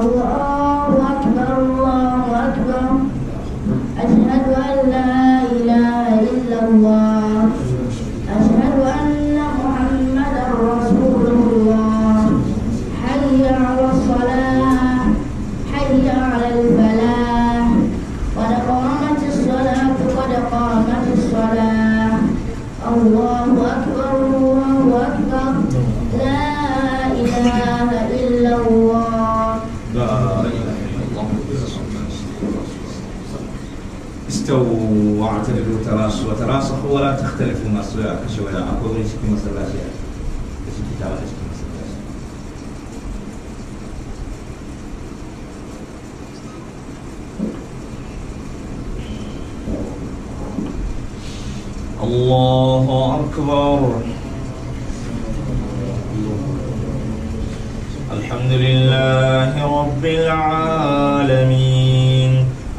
الله أكبر الله أكبر أشهد أن لا إله إلا الله أشهد أن محمدا رسول الله حي على الصلاة حي على الفلاح قد قامت الصلاة قد قامت الصلاة الله استووا واعتدلوا تراس وتراصحوا ولا تختلفوا ما مصر كشوية أقول ليش كي مصر لا شيء ليش كي ترى ليش كي مصر لا الله أكبر الحمد لله رب العالمين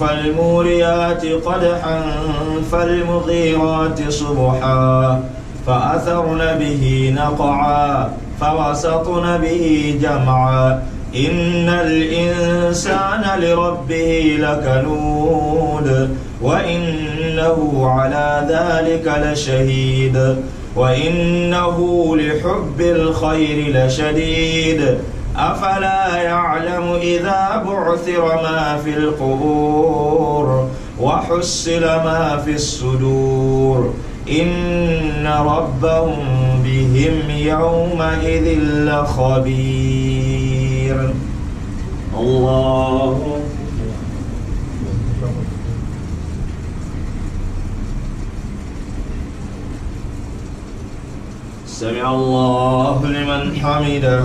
فالموريات قدحا فالمغيرات صبحا فأثرن به نقعا فوسطن به جمعا إن الإنسان لربه لكنود وإنه على ذلك لشهيد وإنه لحب الخير لشديد أفلا يعلم إذا بعثر ما في القبور وحصل ما في الصدور إن ربهم بهم يومئذ لخبير الله سمع الله لمن حمده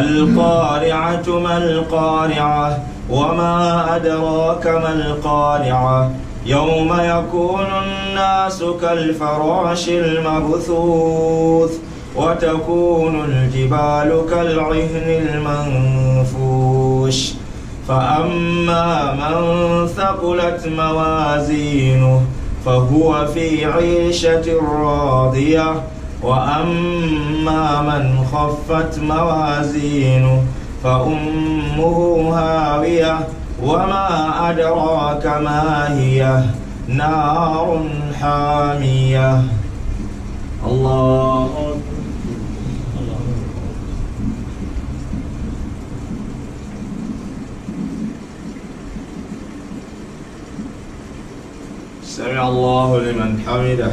القارعة ما القارعة وما أدراك ما القارعة يوم يكون الناس كالفراش المبثوث وتكون الجبال كالعهن المنفوش فأما من ثقلت موازينه فهو في عيشة راضية وأما من خفت موازينه فأمه هاوية وما أدراك ما هي نار حامية الله سمع الله لمن حمده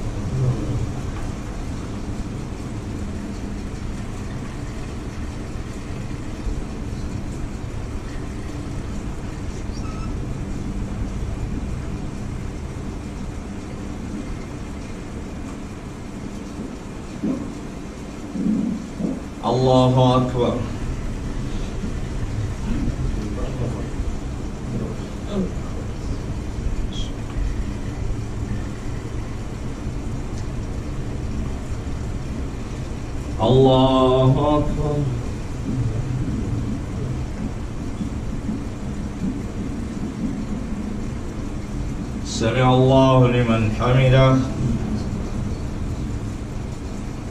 الله أكبر الله أكبر سمع الله لمن حمده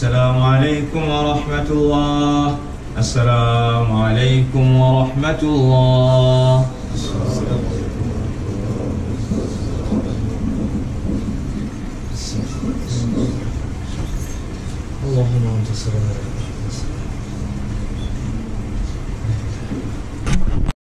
السلام عليكم ورحمة الله السلام عليكم ورحمة الله اللهم انت السلام عليكم